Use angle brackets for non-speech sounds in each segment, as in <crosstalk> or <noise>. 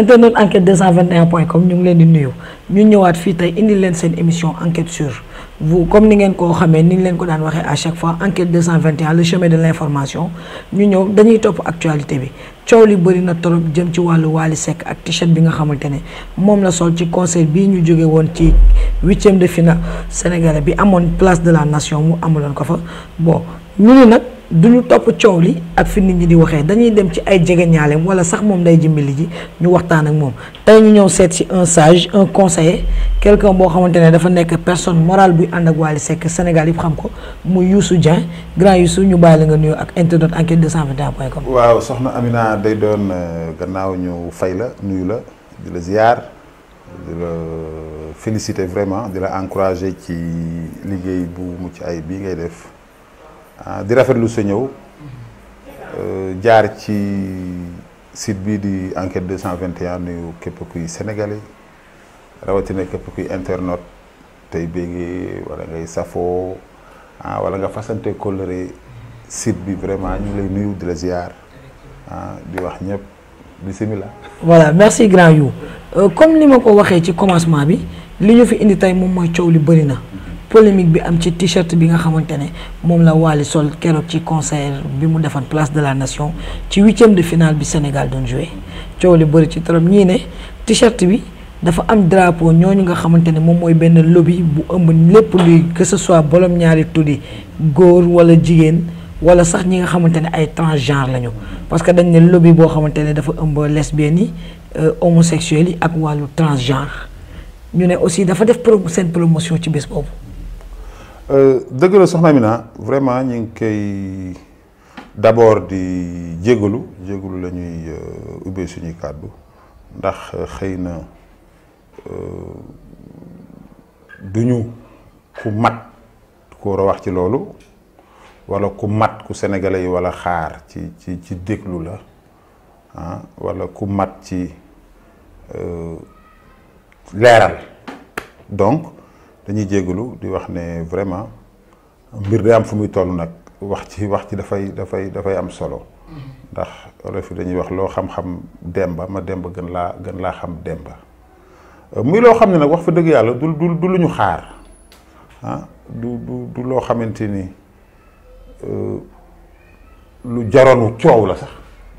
internet enquête 221 point com ñu leen di nuyu ñu ñëwaat fii tey indi leen seen émission enquête sur vous comme ni ngeen koo xamee ni ñu leen ko daan waxee à chaque fois enquête 221 le chemin de l' ñu ñëw dañuy topp actualité bi coow li bëri na torop jëm ci wàllu Wally Seck ak t bi nga xamante ne moom la sol ci concert bii ñu jóge woon ci huitième de finale sénégalais bi amoon place de la nation mu amuloon ko fa bon ñu ni nag du ñu topp coow li ak fi nit ñi di waxee dañuy dem ci ay jegeñaaleem wala sax moom day jëmbali ji ñu waxtaan ak moom tey ñu ñëw seet si un sage un conseiller quelqu'un boo xamante ne dafa nekk personne morale buy ànd ak Wally Seck Sénégal yëpp xam ko muy Youssou Dieng grand Youssou ñu bàyyi la nga nuyu ak internet enquête 221 point com. waaw soxna Amina day doon euh, gannaaw ñu fay la nuyu la di la ziar di la féliciter vraiment di la encourager ci liggéey bu mucc ay bii def. Ah, di rafetlu sa ñëw euh, jaar ci site bii di enquête 221 nuyu képp kuy sénégalais rawatina képp kuy internaute tey béggee wala ngay safoo ah wala nga fasante coloré site bi vraiment ñu lay nuyu di la ziar ah di wax ñëpp bisimilah. voilà merci grand you euh, comme ni ma ko waxee ci commencement bi li ñu fi indi tey moom mooy coow li bëri na. polémique bi am ci t-shirt bi nga xamante ne moom la Wally sol keroog ci concert bi mu defoon place de la nation ci huitième de finale bi Sénégal done joué coow li bëri ci trop ñii ne t-shirt bi dafa am drapeau ñooñu nga xamante ne moom mooy benn lobby bu ëmb lépp luy kese ce soit bolom ñaari tuddi góor wala jigéen wala sax ñi nga xamante ne ay transgenre lañu parce que dañ ne lobby boo xamante ne dafa ëmb lesbiennes yi euh, homosexuels yi ak wàllu transgenre ñu ne aussi dafa def pro seen promotion ci bés Euh, dëgg la soxna Amina vraiment ñu ngi koy d' abord di jégalu jégalu la ñuy euh, ubbee suñuy kàddu ndax euh, xëy na du ñu ku mat ku war a wax ci loolu wala ku mat ku sénégalais yi wala xaar ci ci ci déglu la ah wala ku mat ci leeral donc. dañuy jégalu di wax ne vraiment mbir day am fu muy toll nag wax ci wax ci dafay dafay dafay am solo. ndax olof dañuy wax loo xam-xam demba ma demb gën laa gën laa xam demba muy loo xam ne nag wax fa dëgg yàlla du du du lu ñu xaar ah du du du loo xamante ni euh, lu jaroonu coow la sax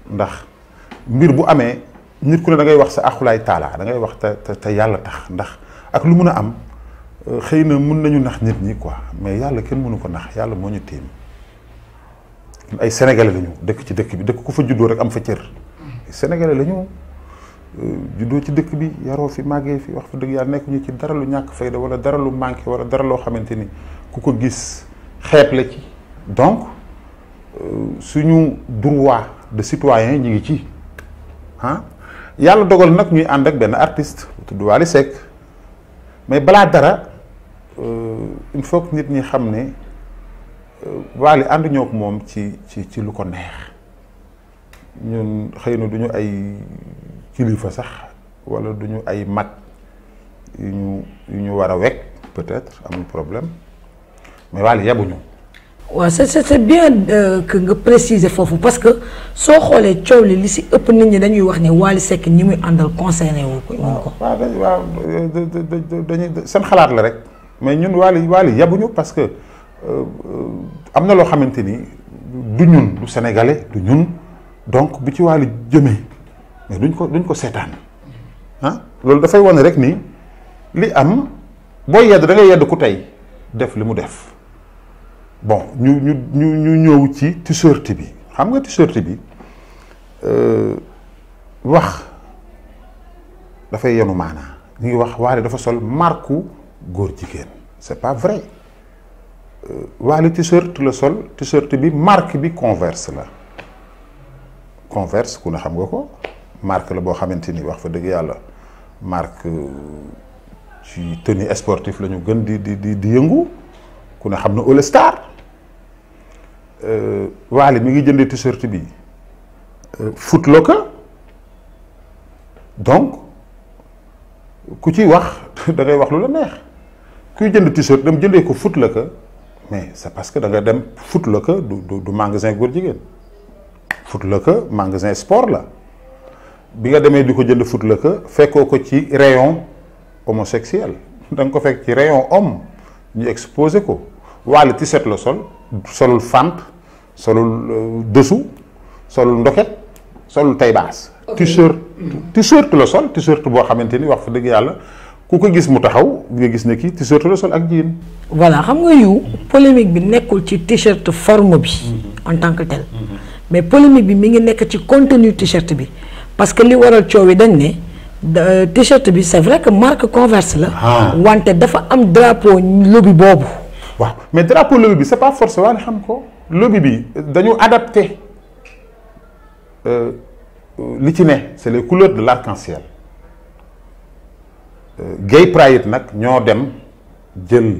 ndax mbir bu amee nit ku ne da ngay wax sa axulaay taalaa da ngay wax te te yàlla tax ndax ak lu mun a am. xëy na mun nañu nax nit ñi quoi mais yàlla kenn mënu ko nax yàlla moo ñu tiim ay sénégalais lañu dëkk ci dëkk bi dëkk ku fa juddoo rek am fa cër sénégalais lañu euh, juddoo ci dëkk bi yaroo fi màggee fi wax fa dëgg yàlla nekkuñu ci dara lu ñàkk fayda wala dara lu manqué wala dara loo xamante ni ku ko gis xeeb la ci donc euh, suñu droit de citoyen ñi ngi ci ah yàlla dogal nag ñuy ànd ak benn artist bu tudd Wally Seck mais balaa dara Euh, il faut nit ñi xam ne euh, Wally ànduñook moom ci ci ci lu ko neex ñun xëy na du ñu ay kilifa sax wala du ñu ay mag yu ñu yu ñu war a wekk peut-être amul problème mais Wally ñu waaw c'est c'est bien euh, que nga préciser foofu parce que soo xoolee coow li li si ëpp nit ñi dañuy wax ne Wally Seck ñi muy àndal concerné wu ko. waaw waaw seen xalaat la rek. mais ñun Wally Wally yabuñu parce que euh, am na loo xamante ni du ñun du sénégalais du ñun donc bu ci Wally jëmee mais duñ ko duñ ko seetaan ah loolu dafay wane rek nii li am boo yedd da ngay yedd ku tey def li mu def bon ñu ñu ñu ñu ñëw ci t-shirt bi xam nga t-shirt bi euh, wax dafay yenu maanaa ñu ngi wax Wally dafa sol marku góor jigéen c'est pas vrai euh, Wally t-shirt la sol t-shirt bi marque bi Converse la Converse ku ne xam nga ko marque la boo xamante ni wax fa dëgg yàlla marque euh, ci tenue sportif la ñu gën di di di yëngu ku ne xam na All Star euh, Wally mi ngi jëndee t-shirt bi Foot Locker donc ku ci wax <laughs> da ngay wax lu la neex. kuy jënd t-shirt dem jëndee ko foot la ka mais c'est parce que da dem foot la ka du du magasin góor jigéen foot la ka magasin sport la bi nga demee di ko jënd foot la ka fekkoo ko ci rayon homosexuel da nga ko fekk ci rayon homme ñu exposé ko waale t-shirt la sol solul fànt solul euh, dessous solul ndoket solul tay baas t-shirt t-shirt la sol t-shirt boo xamante ni wax fa dëgg yàlla ku ko gis mu taxaw nga gis ne kii t-shirt la sol ak jean. voilà xam nga yu polémique bi nekkul ci t-shirt forme bi. Mm-hmm. en tant que tel. Mm-hmm. mais polémique bi mi ngi nekk ci contenu t-shirt bi parce que li waral coow yi dañ ne. Euh, t-shirt bi c'est vrai que marque Converse la. Ah. wante dafa am drapeau lobby boobu. waaw mais drapeau lobby bi c'est pas forcément xam ko lobby bi dañu adapté euh, li ci ne c'est les couleurs de l'arc-en-ciel. gay pride nag ñoo dem jël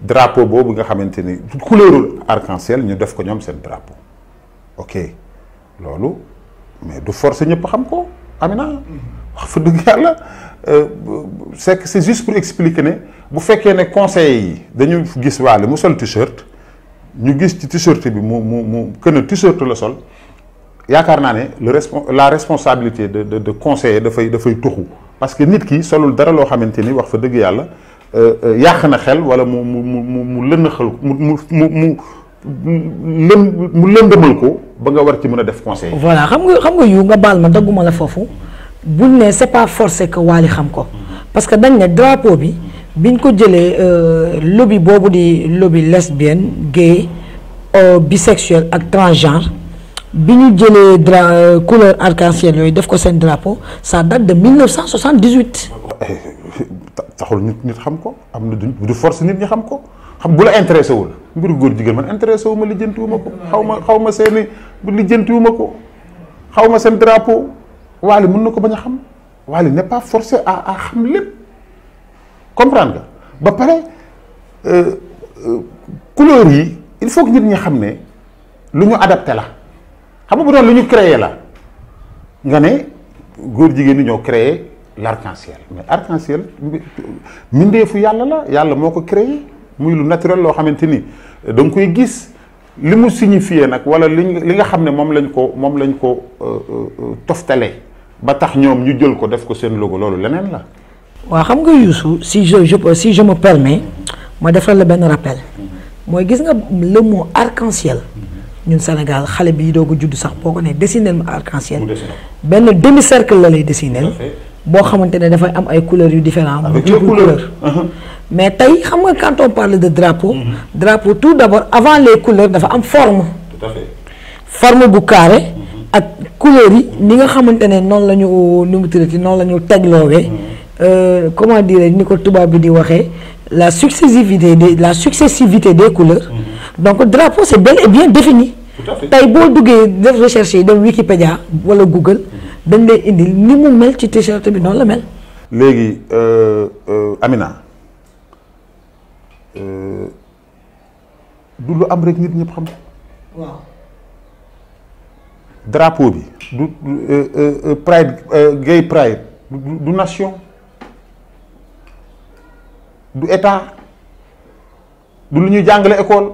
drapeau boobu nga xamante ni couleurul arc ñu def ko ñoom seen drapeau ok loolu mais du force ñëpp xam ko Amina wax fa dëgg yàlla euh, c'est que c'est juste pour expliquer ne bu fekkee ne conseil yi dañu gis waale mu sol t-shirt ñu gis ci t-shirt bi mu mu mu que ne t-shirt la sol yaakaar naa ne le respon la responsabilité de de de conseiller dafay dafay tuxu parce que nit ki solul dara loo xamante ni wax fa dëgg yàlla euh, euh, yàq na xel wala mu mu mu mu lëndaxal mu mu mu mu lën mu lëndëmal ko ba nga war ci mën a def conseil. voilà xam nga xam nga yu nga baal ma dagguma la foofu buñ ne c'est pas forcé que Wally xam ko parce que dañ ne drapeau bi biñ ko jëlee euh, lobby boobu di lobby lesbienne gay bisexuel ak transgenre. bi ñu jëlee dra euh, couleur arc yooyu def ko seen drapeau ça date de 1978. <laughs> taxul nit nit xam ko am na du force nit ñi xam ko xam bu la intéressé wul mbiru góor jigéen man intéressé wu ma lijjantiwuma ko xaw ma xaw ma seen i lijjantiwuma ko xaw ma seen drapeau waali mun na ko bañ a xam waali n'est pas forcé à à xam lépp comprendre nga ba pare euh, euh, couleur yi il faut que nit ñi xam ne lu ñu adapté la. xam nga bu doon lu ñu créé la nga ne góor jigéen ñi ñoo crée l' arc-en-ciel mais arc-en-ciel yàlla la yàlla moo ko créé muy lu naturel loo xamante ni da nga koy gis li mu signifié nag wala li li nga xam ne moom lañ ko moom lañ ko euh, euh, euh, toftalee ba tax ñoom ñu jël ko def ko seen logo loolu leneen la. waa xam nga Youssou si je je si ma defal la benn rappel mooy gis nga le mot ñun Sénégal xale bi doog a judd sax boo ko ne dessinel ma arc-en-ciel benn demi cercle la lay dessinel boo xamante ne dafay am ay couleurs yu différent bu jublu couleur mais tey xam nga quand on parle de drapeau mm-hmm. drapeau tout d'abord avant les couleurs dafa am forme forme bu carré mm-hmm. ak couleurs yi ni nga xamante ne noonu la ñu nu mu tuddati noonu la ñu tegloowee mm-hmm. euh, comment dire ni ko tubaab bi di waxee la successivité des la successivité des couleurs donc drapeau c'est tey boo duggee def recherche yi dem Wikipédia wala Google dañ lay indil ni mu mel ci t-shirt bi noonu la mel. léegi euh, euh, Amina euh, du lu am rek nit ñëpp xam. drapeau bi du pride gay pride du nation du état du lu ñuy jàngale école.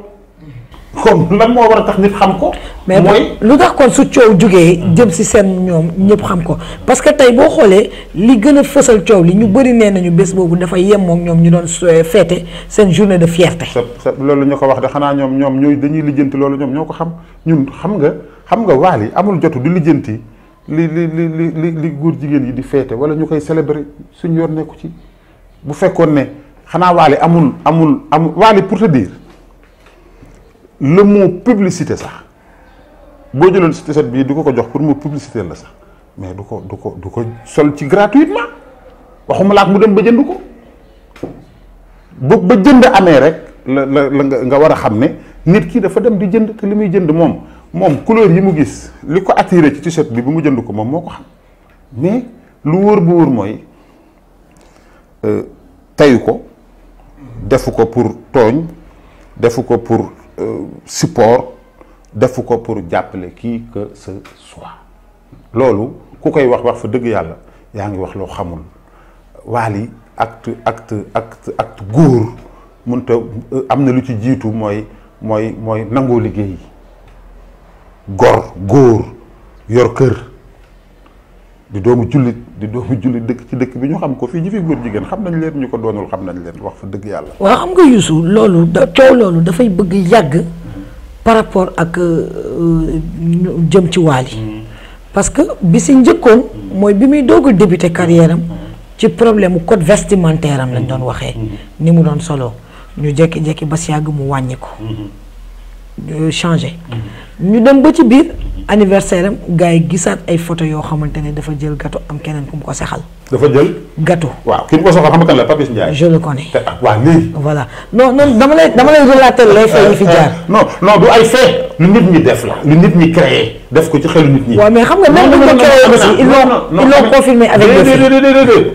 comme lan moo war a tax nit xam ko. mais lu tax kon su coow jugee. jëm si seen ñoom ñëpp xam ko parce que tey boo xoolee li gën a fësal coow li ñu bëri nee nañu bés boobu dafa yemook ñoom ñu doon féete seen journée de fierté. loolu ñu ko wax de xanaa ñoom ñoom ñooy dañuy lijjanti loolu ñoom ñoo ko xam ñun xam nga xam nga waal yi amul jotu di lijjanti li li li jigéen yi di féete wala ñu koy célébrer suñu yoon nekku ci bu fekkoon ne xanaa waal amul amul amul waal pour te dire. le mot publicité sax boo jëloon si t-shirt bii du ko ko jox pour mu publicité la sax mais du ko du ko du ko sol ci gratuitement waxuma laak mu dem ba jënd ko bu ba jënd amee rek la la la nga war a xam ne nit ki dafa dem di jënd te li muy jënd moom moom couleur yi mu gis li ko attiré ci t-shirt bi bu mu jënd ko moom moo ko xam mais lu wóor bu wóor mooy euh, tayu ko defu ko pour tooñ defu ko pour Euh, support defu ko pour jàppale kii que ce soit loolu ku koy wax wax fa dëgg yàlla yaa ngi wax loo xamul Wally acte acte acte acte góor mënut a euh, am na lu ci jiitu mooy mooy mooy nangoo liggéey gor góor yor kër. di doomu jullit di doomu jullit dëkk ci dëkk bi ñu xam ko fii ñi fi góor jigéen xam nañ leen ñu ko doonul xam nañ leen wax fa dëgg yàlla. waa xam nga Youssou loolu da coow loolu dafay bëgg yàgg par rapport ak euh, euh, jëm ci waal yi parce que bi si njëkkoon mooy bi muy doog a débuté carrière ci problème mu code vestimentaire am lañ doon waxee ni mu doon solo ñu jekki-jekki ba si yàgg mu wàññi ko. Mm-hmm. ñu dem ba ci biir. anniversaire am gars yi gisaat ay photo yoo xamante ne dafa jël gâteau am keneen ku mu ko sexal. dafa jël. gâteau waaw ki mu ko soxal xam nga kan la Papis Ndiaye. je le connais waaw léegi. voilà non dama lay dama lay relater lay fay yi fi jaar. non du ay fait lu nit ñi def la. lu nit ñi créé def ko ci xelu nit ñi. waaw mais xam nga même bu ñu ko créé aussi ils l'ont ils l'ont confirmé avec le fait. déedéet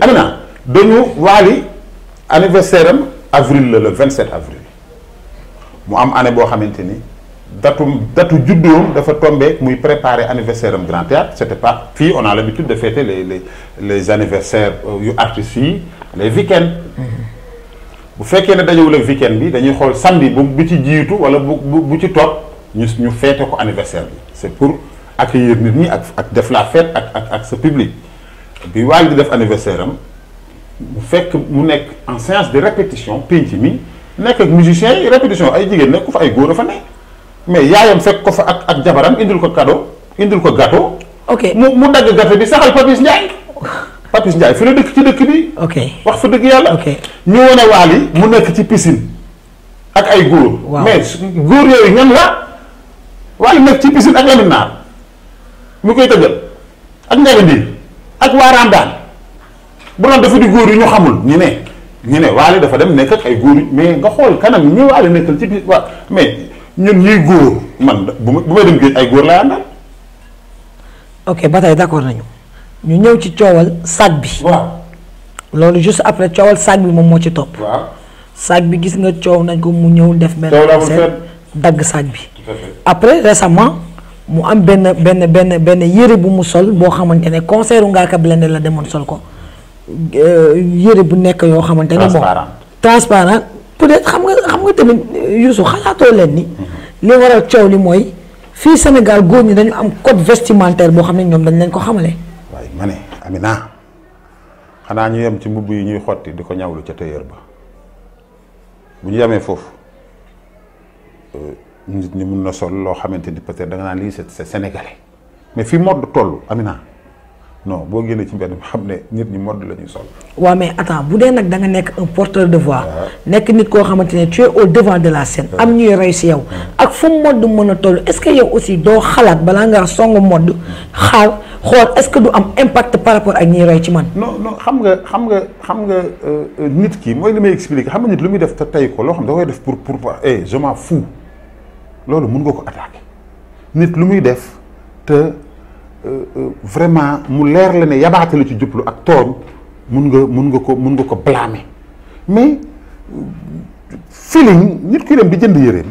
dañu waali anniversaire avril la le 27 avril mu am année boo xamante ni. datum datu juddoom dafa tombé muy préparer anniversaire am Grand Théâtre c'était pas fii on a l'habitude de fêter les les les anniversaires euh, yu artistes yi les week bu fekkee ne dajewul ak week bi dañuy xool samedi bu bu ci jiitu wala bu bu ci topp ñu ñu fêter ko anniversaire bi c'est pour accueillir nit ñi ak ak def la fête ak ak ak sa public bi waal di def anniversaire am bu fekk mu nekk en séance de répétition penc mi nekk ak musiciens yi répétition ay jigéen nekk fa ay góor a fa nekk mais yaayam fekk ko fa ak ak jabaram indil ko cadeau indil ko gâteau. ok mu mu dagg gâteau bi saxal Papis Ndiaye. Papis Ndiaye fi la dëkk ci dëkk bi. ok wax fa dëgg yàlla. ok ñu wane Wally mu nekk ci piscine. ak ay góor. waaw mais góor yooyu ñan la. Wally ci piscine ak Lamine Naar mu koy dëgg ak bi ak waa Ramadan bu doon dafa di góor yi ñu xamul ñu ne ñu ne Wally dafa dem nekk ak ay góor mais nga xool kanam ñu Wally nekkal ci biir waa mais. ñun ñuy góor man bu may dem géej ay góor lay àndal. ok ba tey nañu ñu ñëw ci coowal sac bi. waaw loolu juste après coowal sac bi moom moo ci topp. waaw bi gis nga coow nañ ko mu ñëw def. benn concert dagg sac bi. après récemment mu am benn benn benn benn yére bu mu sol boo xamante ne concert u Ngaaka Blindé la demoon sol ko euh, yére bu nekk yoo xamante ne. transparent transparent. peut xam nga xam nga tamit euh, Youssou xalaatoo leen ni li waral coow li mooy fii Sénégal góor ñi dañu am code vestimentaire boo xam ne ñoom dañ lañ ko xamale. waaye ma ne Amina xanaa ñu yem ci mbubb yi ñuy xotti di ko ñawlu ca tailleur ba bu ñu yemee foofu euh, nit ñi mun na sol loo xamante ni peut-être da nga naan lii c'est sénégalais mais fii mode toll Amina. non boo génnee ci mbedd mi xam ne nit ñi mode la ñuy sol. waa mais attends bu dee nag danga nekk un porteur de voix. nekk nit koo xamante ne tu es au devant de la scène. am ñuy rey si yow. ak fu mode mën a toll est ce que yow aussi doo xalaat balaa ngaa songu mode xaar xool est ce que du am impact par rapport ak ñuy rey ci man. non non xam nga xam nga xam nga euh, nit ki mooy li may expliquer xam nga nit lu muy def te tey ko loo xam da koy def pour pour pour eh je loolu mun nga ko attaquer nit lu muy def vraiment mu leer la ne yabaate la ci jublu ak tooñ mun nga mun nga ko mun nga ko blâmer mais feeling nit kuy dem di jënd yëreem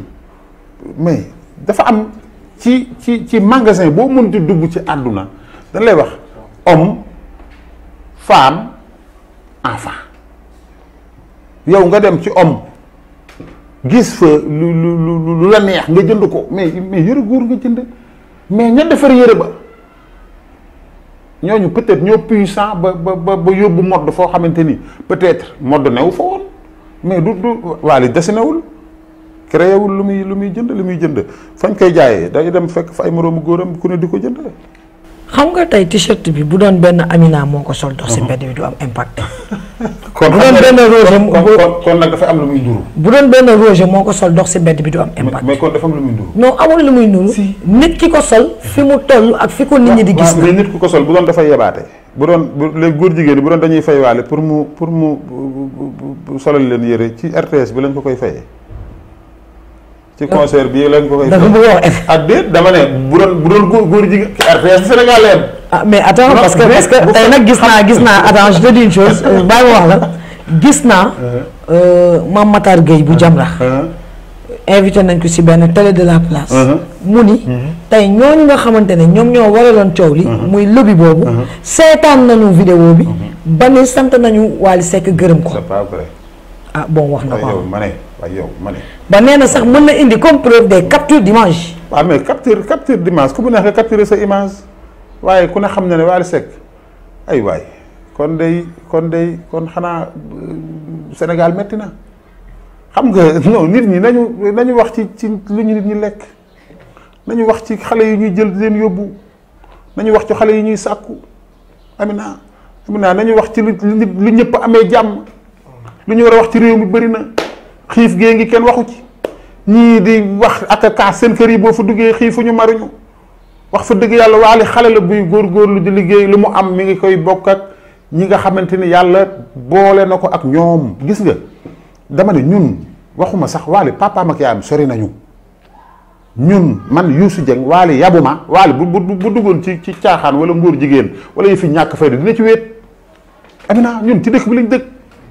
mais dafa am ci ci ci magasin boo mën di dugg ci àdduna dañ lay wax homme femme enfant yow nga dem ci homme gis fa lu lu lu la neex nga jënd ko mais mais yëre góor nga jënd mais ña defar yére ba ñooñu peut-être ñoo puissant ba ba ba ba yóbbu modd foo xamante ni peut-être modd newu fa woon mais du du waali desinewul créé wul lu muy lu muy jënd lu muy jënd fañ koy jaayee day dem fekk fa ay moroomu góoram ku ne di ko jënd xam nga tey t-shirt bi bu doon benn Amina moo ko sol dox si mhm. mbedd bi du am impact. <laughs> kon bu doon benn Roger kon nag dafa am lu muy nuru. bu doon benn Roger moo ko sol dox si mbedd bi du am impact. mais kon dafa am lu muy nuru. nit ki ko sol fi mu toll ak fi ko nit ñi di gis. mais nit ku ko sol bu doon dafay yebaate. bu doon bu léegi góor jigéen bu doon dañuy waale pour mu pour mu solal leen yére ci RTS bi lañ ko koy fayee. ci concert bii lañ ko koy. da nga a ah, dama ne góor góor ah, mais at parce que parce que tey nag gis naa gis naa attends je te dis une chose euh, bàyyi ma wax la gis naa. Uh-huh. Euh, ma Matar Gueye bu Jamra. Uh-huh. invité nañ ko ci benn télé de la place. Uh-huh. mu ni tey ñooñu nga xamante ne ñoom ñoo war loon coow li. muy lobby boobu. seetaan nañu vidéo bi. ba ni sant nañu Wally Seck gërëm ko. ah bon wax na waaw ma ne. waaye yow ma ne. ba nee na sax mën na indi comme preuve des captures d'image. waaw mais capture capture d'image ku mu neex nga capturer sa image waaye ku ne xam na ne Wally Seck ay waay kon day kon day kon xanaa euh, Sénégal metti na xam nga <laughs> nit ñi nañu nañu wax ci ci lu ñu nit ñi lekk nañu wax ci xale yi ñuy jël leen yóbbu nañu wax ci xale yi ñuy sàkku Amina Amina nañu wax ci lu lu ñëpp amee jàmm lu ñu war a wax ci réew mi bëri na. xiif gée ngi kenn waxu ci ñii di wax ak kaa seen kër yi boo fa duggee xiifuñu maruñu wax fa dëgg yàlla waali xale la buy lu di liggéey lu mu am mu ngi koy bokk ak ñi nga xamante ni yàlla boole na ko ak ñoom gis nga dama ne ñun waxuma sax waali papaam ak yaayam sori nañu ñun man Youssou Dieng waali yabuma waali bu bu bu duggoon ci ci caaxaan wala ngóor jigéen wala yëfi ñàkk fayda dina ci wéet amina ñun ci dëkk bi lañ dëkk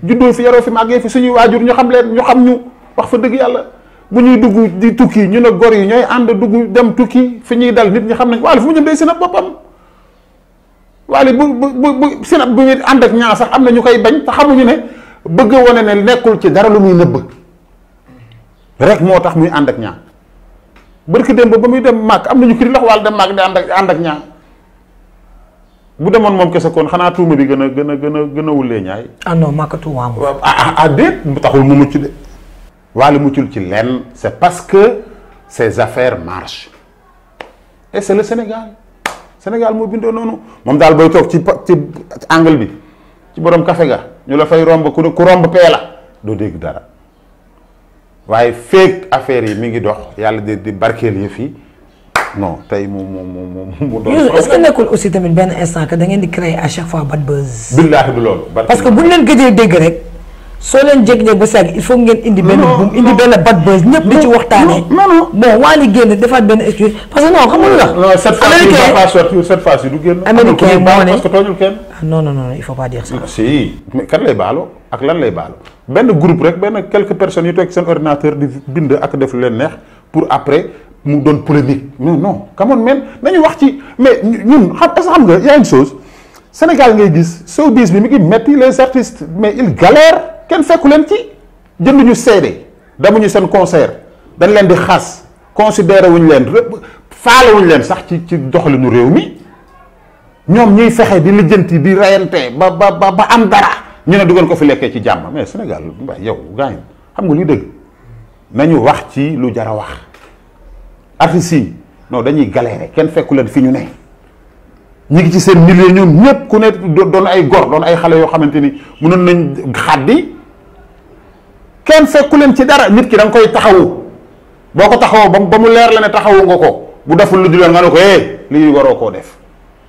juddoo fi yaroo fi màggee fi suñuy waajur ñu xam leen ñu xam ñu wax fa dëgg yàlla bu ñuy dugg di tukki ñu ne gor yi ñooy ànd dugg dem tukki fi ñuy dal nit ñi xam nañ waale fu mu jëm day boppam waale bu bu bu sinab ñaa sax am na ñu koy bañ te xamuñu ne bëgg wane ne nekkul ci dara lu muy nëbb rek moo tax muy ànd ak ñaa barki dem ba ba muy dem màkk am nañu kiri lax waale dem màkk di ak ànd ak ñaa bu demoon moom kese koon xanaa tuuma bi gën a gën a gën a gën a ñaay. ah non maa ko tuumaam. ah ah déet mu taxul mu mucc de. waale muccul ci lenn c'est parce que ces affaires marchent et c'est le Sénégal Sénégal moo bindoo noonu moom daal booy toog ci pa ci angle bi ci borom kafe ga ñu la fay romb ku ku romb pee la doo dégg dara waaye feek affaire yi mi ngi dox yàlla di di barkeel yëf yi. non tey mu mu mu mu doon. est ce que nekkul aussi tamit benn instant que da ngeen di créer à chaque fois bad buzz. billaahi du loolu. parce que bu ñu leen gëjee dégg rek. soo leen jékki-jékki ba sàgg il faut ngeen indi benn buum indi benn bad buzz ñëpp di ci waxtaanee. non non bon waa li génn defaat benn excuse parce que non xam nga lu tax. non cette fois ci va pas sortir cette fois ci du génn. américain moo ne parce que tooñul kenn. Ah, non non non il faut pas dire ça. Ah, si mais kan lay baaloo ak lan lay baaloo benn groupe rek benn quelques personnes yu toog seen ordinateur di bind ak def leen neex pour après. mu doon polémique mais non quand même nañu wax ci mais ñun xam est-ce que xam nga y a une Sénégal ngay gis showbiz bi mi ngi metti les artistes mais ils galèrent kenn fekku leen ci jënduñu seede demuñu seen concert dañ leen di xas considéré wuñ leen faale wuñ leen sax ci ci doxalinu réew mi ñoom ñuy fexe di lijjanti di reyante ba ba ba am dara ñu ne du ko fi lekkee ci jàmm mais Sénégal waaye yow gaañ xam nga luy dëgg nañu wax ci lu jar a wax. artistes yi non dañuy galérer kenn fekku leen fi ñu ne ñu ngi ci seen milieu ñoom ñëpp ku ne doon ay gor doon ay xale yoo xamante ni mënoon nañ xaddi kenn fekku leen ci dara nit ki da nga koy taxawu boo ko taxawoo ba ba mu leer la ne taxawu nga ko bu deful lu dul yoon nga ne ko eh waroo koo def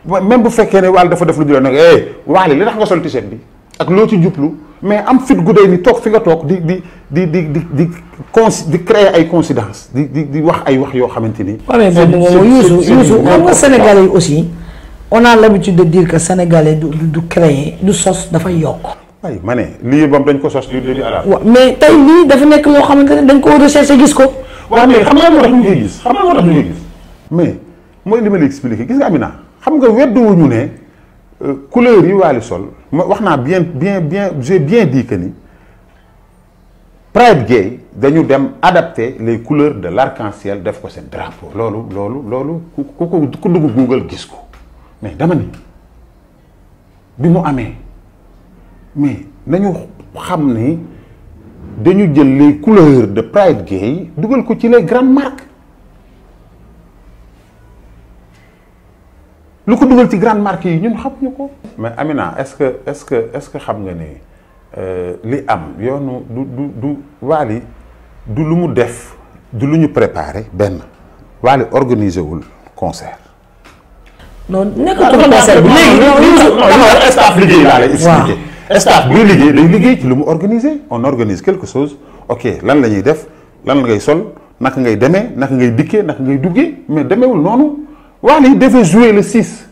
même bu fekkee ne Wally dafa def lu dul yoon nag eh Wally li tax nga sol t-shirt bi. ak loo ci jublu mais am fit gu doy ni toog fi nga toog di di di di di di con di créer ay coïncidence di di di wax ay wax yoo xamante ni. mais Youssou Youssou xam nga Sénégalais yi aussi on a l'habitude de dire que Sénégalais du du créer du sos dafay yokk. ay ma ne lii bam dañ ko sos lii di alal. waaw mais tey lii dafa nekk loo xamante ne dañ ko recherché gis ko. waaw mais xam nga moo tax gis xam mais mooy li ma la expliqué gis nga Amina xam nga weddu wuñu ne euh, couleur yi waali sol. ma wax naa bien bien bien j'ai bien dit que ni pride gay dañu dem adapter les couleurs de larc en def ko seen drapeau loolu loolu loolu ku ku ku dugg Google gis ko mais dama bi mu amee mais nañu xam ni dañu jël les couleurs de pride gay dugal ko ci les grandes marques lu ko dugal ci grande marque yi ñun xamuñu ko. mais Amina est-ce que est-ce que ce que xam nga ni euh, li am yoonu du du du du lu mu def du lu ñu préparé benn Wally organisé wul concert. non nekkatul ah, concert bi liggéey laa lay expliqué. staff buy liggéey lay liggéey ci lu mu organiser on organise quelque chose ok lan la ñuy def lan la ngay sol naka ngay demee naka ngay dikkee naka ngay duggee mais demeewul noonu. Wally devait jouer le 6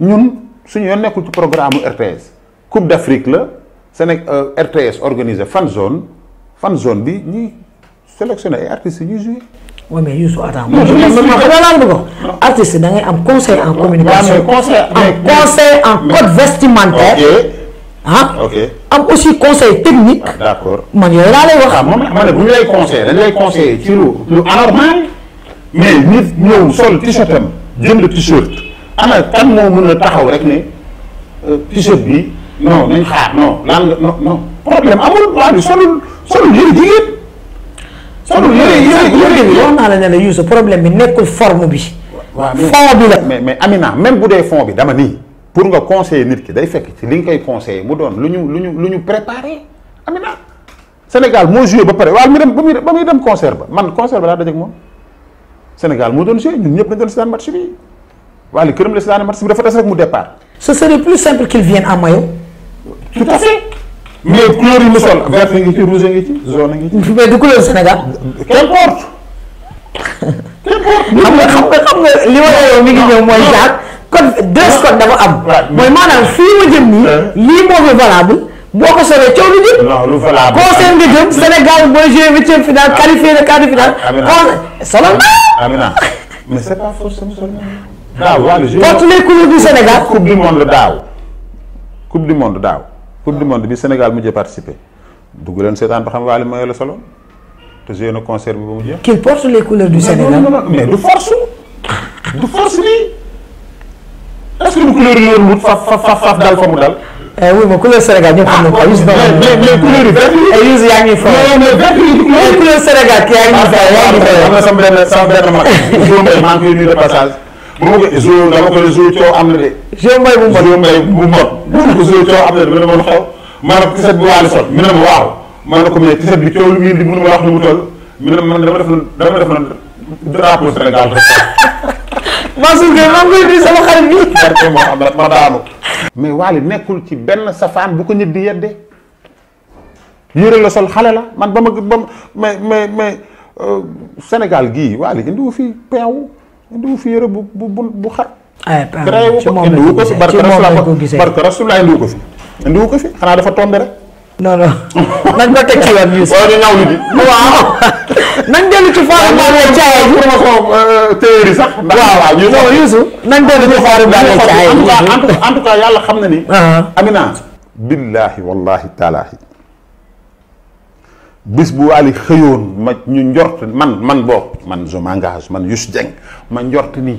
ñun suñu yoon nekkul ci programme RTS Coupe d'Afrique la Séné euh, RTS organisé fan zone fan zone bi ñuy sélectionné ay artistes yi ñuy joué. oui mais Youssou attends. non non artiste da am conseil en communication. conseil conseil en code vestimentaire. Ah. am aussi conseil technique. Ah, d'accord man yooyu laa lay wax. waaw ah, moom bu ñu lay conseillé dañ ci lu lu anormal. mais nit ñëw sol t-shirtam jënd t-shirt ana kan moo mën a taxaw rek ne euh, t-shirt bi non nañ xaar non lan nga non non problème amul waa ni solul solul yëre jigéen. solul yëre yëre yëre yoon naa la ne la Youssou problème bi nekkul bi. waaw fond bi Amina même bu dee fond bi dama nii pour nga conseiller nit ki day fekk ci li nga koy conseiller mu doon lu ñu lu ñu lu ñu préparé Amina. Sénégal moo joué ba pare waaye mu dem ba muy dem concert ba man concert ba laa dajeeg moom. Sénégal moo doon joué ñun ñëpp dañ doon seetaan match bi waaye li këram la seetaan match bi dafa des rek mu départ. ce serait plus simple qu'il vienne en maillot. tout à fait. mais couleur yi mu sol vert ngi ci rouge ngi ci jaune ngi ci. mais du couleur Sénégal. qu'importe. qu'importe. xam nga xam nga xam nga li ma yow mi ngi ñëw mooy. valable. boo ko soree coow lu jëm. non lu fa laa Sénégal booy joué huitième finale ah, qualifié na quart de finale. solal na Amina mais c'est pas forcément solal daaw waa le couleurs du Sénégal. coupe du monde daaw. coupe du monde daaw. coupe du monde bi Sénégal mujjee participer dugg leen seetaan ba xam waale mooy la solo te joué na concert bi ba mu jeex. qu'il porte les du Sénégal mais du force du force lii est-ce que du couleur yooyu faf faf faf dal fa mu dal. wuy ma couleur Sénégal ñëpp xam nañu ko Youssou mais mais couleur yi vert yi. Youssou yaa ngi foofu mais mais vert yi. mais couleur Sénégal kii yaa ngi foofu yaa ngi foofu. am na sama benn sama benn mag. Zoum Mbaye maa ngi koy nuyu de passage. bu ma ko Zoum dama ko Zoum coow am na de. Zoum Mbaye bu mot Zoum Mbaye bu mot. bu ko Zoum coow am na de dama doon xew. maanaam tiset bu waale sol mi ne ma waaw. ma ne ko mais tiset bi coow lu muy indi mënu ma wax ni mu toll. mi ne ma man dama def dama def na drapeau Sénégal rek. Mansour Gueye maa ngi koy nuyu sama xarit bi. barke Mouhamed ma daanu. mais waali nekkul ci benn safaan bu ko ñëpp di yedde yére la sol xale la man ba ma ba mais mais mais euh, Sénégal gi Waly indiwu fi peew indiwu fi yére bu bu bu xar. ay ah, peew ci moom la ko gisee indiwu ko fi barke indiwu ko fi indiwu xanaa dafa tombé rek. non non <laughs> nañ ma teg ci yoon <laughs> bi. waaw ñu ñaw nit ñi. waaw. nañ dellu ci faaru Mbaye Thiaye bi waaw ma téere sax. waaw ñu nañ dellu ci faaru Mbaye yàlla xam na ni. Ah. Amina. billahi wallahi taalaahi. bis bu Ali xëyoon ma ñu njort man man boobu man je m'engage man Youssou Dieng ma njort nii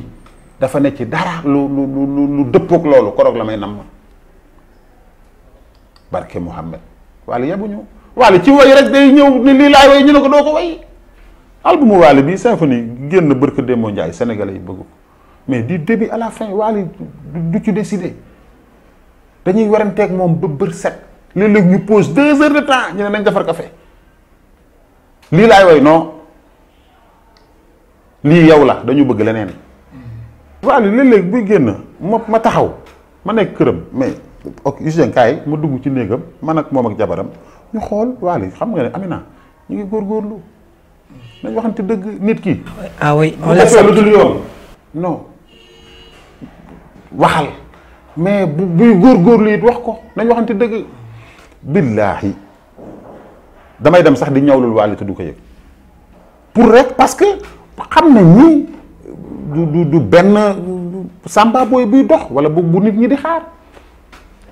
dafa ne ci dara lu lu lu lu dëppook loolu koroog la may nam ma barke Mouhamed. waale ñu waale ci woy rek day ñëw ni lii laay woy ñu ne ko doo ko woy albumu waale bi symphonie génn bërk Demba Ndiaye sénégalais yi bëggu ko mais di début à la fin waale du ci décidé dañuy waranteeg moom bë bër set léeg-léeg ñu pose deux heures de temps ñu ne nañ defar kafe lii laay woy non lii yow la dañu bëgg leneen mm-hmm. waale léeg-léeg buy génn ma ma taxaw ma nekk këram mais ok Ouzin kaay ma dugg ci néegam man ak moom ak jabaram ñu xool waale xam nga ne Amina ñu ngi góorgóorlu nañ waxante dëgg nit ki. ah oui on lu dul yoon non waxal mais bu buy góorgóorlu it wax ko nañ waxante dëgg. billaahi damay dem sax di ñawlul waale te du ko yëg pour rek parce que xam na ñii du du benn sàmba booy buy dox wala bu bu nit ñi di xaar.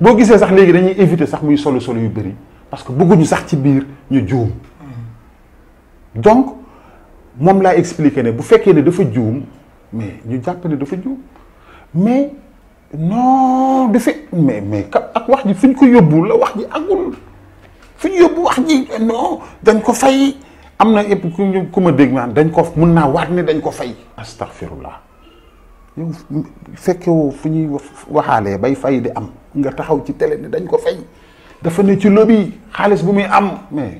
boo gisee sax léegi dañuy éviter sax muy solo solo yu bëri parce que bëgguñu sax ci biir ñu juum donc moom laa expliquer ne bu fekkee ne dafa juum mais ñu jàpp ne dafa juum mais non dafa mais mais ak wax ji fi ñu ko yóbbu la wax ji agul fi ñu yóbbu wax ji non dañ ko fay am na yëpp ku ma dégg naan dañ ko mun naa waat ne dañ ko fay. astaghfirullah fekkewoo fu ñuy waxaalee bay fay di am nga taxaw ci télé ni dañ ko fay dafa ne ci lobby xaalis bu muy am mais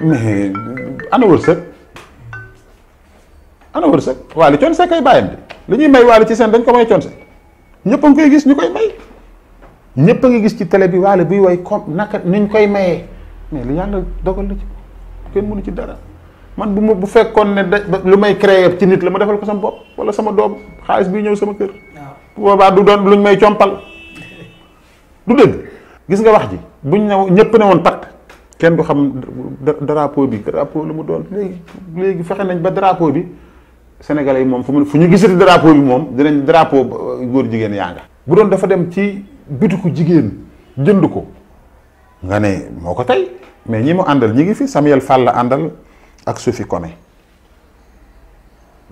mais ana wërsëg ana wërsëg waali coon see kay bàyyam di li ñuy may waali ci seen dañ ko may coon see ñëpp a ngi koy gis ñu koy may ñëpp ngi gis ci télé bi waale buy way comme naka nuñ koy mayee mais li yàlla dogal na ci kenn mënu ci dara man bu ma bu fekkoon ne da lu may créer ci nit la ma defal ko sama bopp wala sama doom xaalis bi ñëw sama kër. bu boobaa du doon luñ may compal. du dëgg gis nga wax ji buñ ne ñëpp ne woon pacte kenn du xam drapeau bi drapeau lu mu doon léegi léegi fexe nañ ba drapeau bi senegal yi moom fu mu fu ñu gisati drapeau bi moom dinañ drapeau góor jigéen yaa nga bu doon dafa dem ci bitiku jigéen jënd ko nga ne moo ko tey mais ñi mu àndal ñi ngi fi Samuel Fall la àndal. ak su fi Koné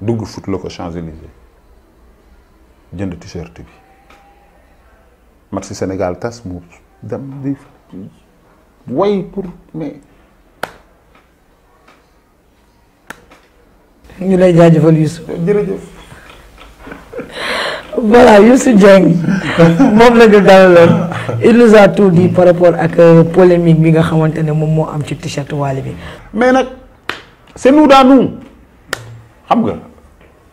dugg fut la ko Champs-Élysées jënd t-shirt bi match si Sénégal tas mu way pour mais ñu lay jaajëfal Youssou jërëjëf <laughs> voilà Youssou Dieng moom la dalaloon il nous a tout dit par rapport ak euh, polémique bi nga xamante ne moom moo am ci t-shirt Wally bi mais nag se nous daa nous xam nga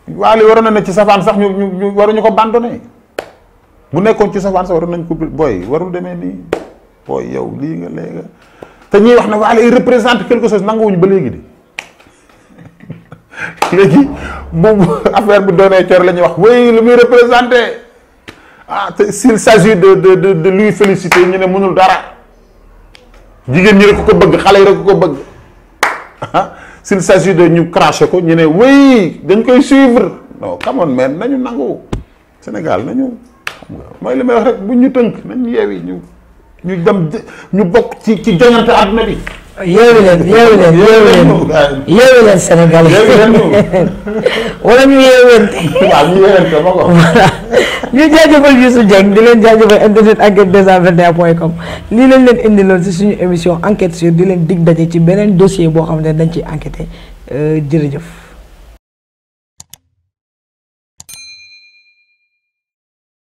waale waroon na ci safaan sax ñu ñu waruñu ko bandone bu nekkoon ci safaan sax waroon nañ ko bi booy warul demee nii booy yow lii nga léegi te ñuy wax na waale il représente quelque chose nanguwuñu ba léegi di <laughs> léegi moom <laughs> affaire bu doonee cor la ñuy wax oui lu muy représenté ah te s'il s'agit de de de de lui féliciter ñu ne mënul dara jigéen ñi rek ko bëgg xale yi rek ko bëgg <laughs> ah si s'il s'agit de ñu craché ko ñu ne oui dañ koy suivre non come on man nañu nangu Sénégal nañu xam nga mooy li may wax rek bu ñu tënk nañ yeewi ñu ñu dem ñu bokk ci ci joŋante àdduna bi. yeewu leen yeewu leen yeewu leen yeewu leen Sénégal yi wala ñu yeewente voilà ñu jaajëfal Youssou di leen jaajëfal internet enquête 221 point com lii lañ leen indi loon si suñu émission enquête sur di leen dig daje ci beneen dossier boo xam ne dañ ciy enquêté euh, jërëjëf